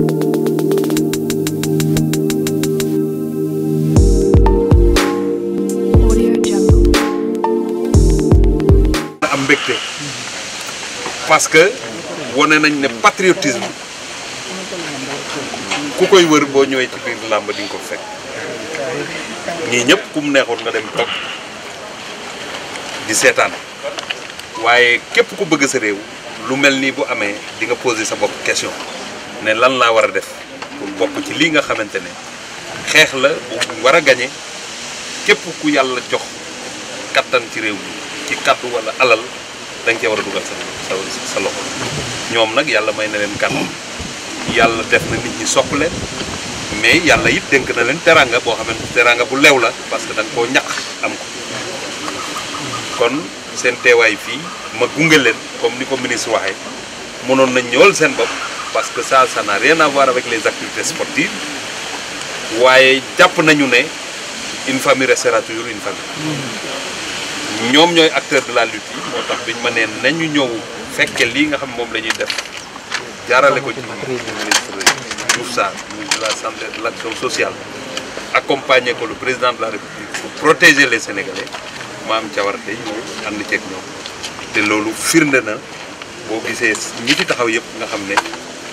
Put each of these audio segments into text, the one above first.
am mbégte parce que wane nañ ne patriotisme ku koy wër boo ñëwee ci biir di nga ko fekk ñii ñëpp ku mu neexoon nga dem toog di seetaan waaye képp ku bëgg sa réew lu mel nii bu amee di nga poser sa bopp question ne lan la wara def pour bok ci li nga xamantene xex la bu war ku yalla jox katan ci rew ci kaddu wala alal da ci wara duggal sa sa sa loxo ñom nak yalla may na len kan yalla def na nit ñi sopp mais yalla yit denk na len teranga bo xamante teranga bu lew la parce que ko ñak am ko kon sen teway fi ma gunge len comme niko ministre waxe nañ ñol sen bop parce que ça ça n'a rien à voir avec les activités sportives une famille restera toujours une famille Nous, sommes acteurs de la lutte nous sommes la de la santé de l'action sociale accompagner le président de la république pour protéger les sénégalais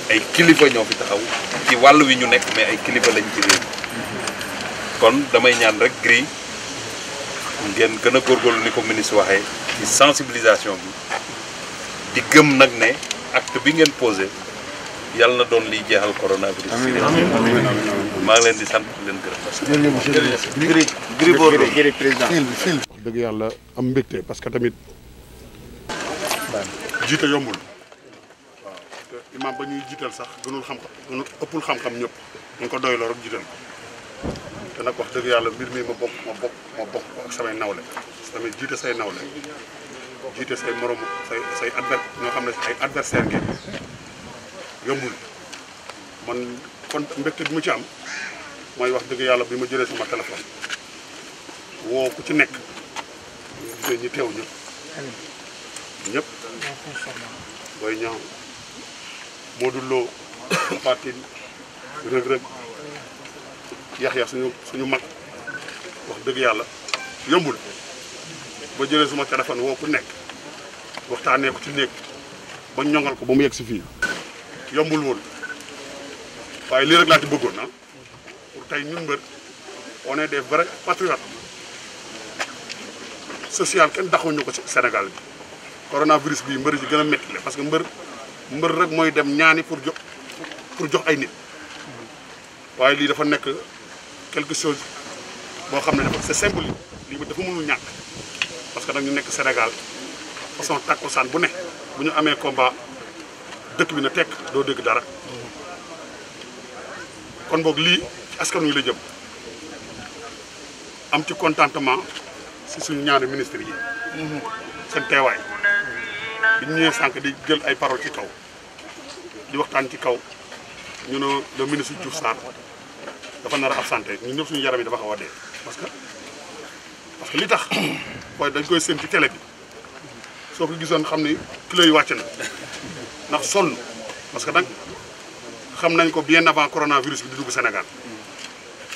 ay kilifa ñoo fi taxaw ci wàll wi ñu nekk mais ay kilifa lañ ci kon damay ñaan rek gri ngeen gën a góorgóorlu ni ko ministre waxee ci sensibilisation bi di gëm nag ne acte bi ngeen posé yàlla na doon liy jeexal coronavirus. amiin amiin amiin maa leen di sant di leen gërëm. jërëjëf Gris Gris Bordeaux président wax dëgg yàlla parce que tamit jiite yombul. imaam ba ñuy jiital sax gënul xam-xam gënul ëppul xam-xam ñëpp dañ ko doyloo rek jiital ko te nag wax dëgg yàlla mbir mii ma bokk ma bokk ma bokk ko ak samay nawle samay jiite say nawle jiite say moromu say say adver ñoo xam ne ay adversaire ngeen yombul man kon mbégte bi mu ci am mooy wax dëgg yàlla bi ma jëlee sama téléphone woo ku ci nekk ñu gisee teew ñëpp ñëpp booy ñaaw Modou Lo Fatine rëg-rëg Yaxya suñu suñu mag wax dëgg yàlla yombul ba jëlee suma téléphone woo ku nekk waxtaanee ko ci néeg ba ñoŋal ko ba mu yegg si fii yombul woon waaye lii rek laa ci bëggoon ah pour tey ñun mbër on est des vrais social kenn daxuñu ko ci Sénégal bi coronavirus bii mbër yi gën a métti la parce que mbër mbër rek mooy dem ñaani pour jox pour jox ay nit waaye lii dafa nekk quelque chose boo xam ne dafa c'est symbolique lii dafa mënul ñàkk parce que dañu nekk Sénégal façon takkusaan bu ne bu ñu amee combat dëkk bi na tekk doo dégg dara kon boog lii ci askan wi la jëm am ci contentement si suñu ñaari ministres yi mm-hmm. seen teewaay bi ñu ñëwee sànq di jël ay parole ci kaw di waxtaan ci kaw ñu ne le ministre Diouf Sarr dafa nar a absenté ñu ñëpp suñu yaram yi dafa xaw a dee parce que parce que li tax mooy dañ koy séen ci télé bi soo ko gisoon xam ni kilo yi wàcc na ndax sonn parce que nag xam nañ ko bien avant coronavirus bi di dugg senegal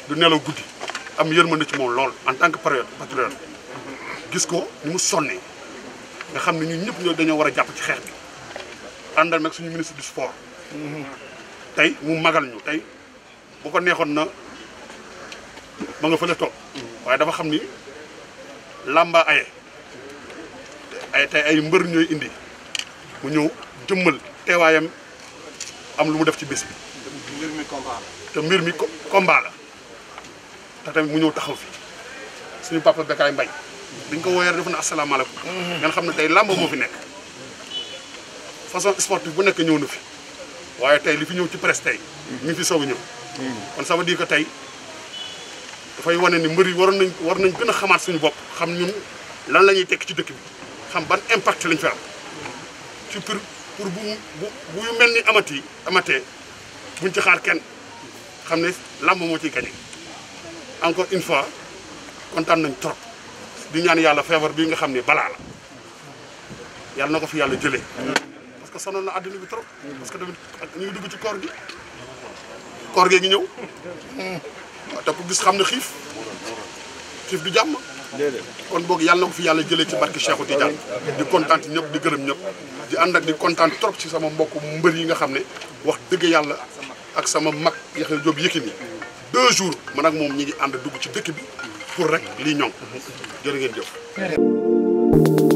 du nelaw guddi am yërmande ci moom lool en tant que période patriote gis ko ni mu sonnee. nga xamni ñun ñëpp ñoo dañoo wara japp ci xex bi andal nak suñu ministre du sport tay mu magal ñu tay bu ko neexon na ba nga le top waye dafa xamni lamba làmba ay tay ay mbeur ñoy indi mu ñew jëmmal teewaayam am lu mu def ci bés bi mbir mi combat te mbir mi combat la ta tamit mu ñew taxaw fi suñu papa Bécaye Mbaye dañ ko woyar def na asalaamaaleykum. ngeen xam ne tey làmb moo fi nekk façon sportive bu nekk ñëw na fi waaye tey li fi ñëw ci presse tey. ñu fi soow a ñëw. kon ça di dire tey dafay wane ni mbër yi waroon nañ war nañ gën a xamaat suñu bopp xam ñun lan la ñuy tekk ci dëkk bi xam ban impact lañ fi am ci pour bu bu bu yu mel ni amati amatee buñ ci xaar kenn xam ne làmb moo ci gañe encore une fois kontaan nañ trop. di ñaan yalla fever bi nga xamni bala la yalla nako fi yalla jëlé parce que sonon na aduna bi trop parce que tamit ñu dugg ci koor gi koor gi ngi ñëw waaw te gis xam xif xif du jamm kon bok yalla nako fi yalla jëlé ci barki Cheikhou Tidiane di kontaan ñep di gërëm ñep di and ak di kontaan trop ci sama mbokk mbeur yi nga xam wax deug yalla ak sama mak yaxal job yekini deux jours man ak mom ñi ngi and dugg ci dëkk bi pour rek li ñoom jërë ngeen jëf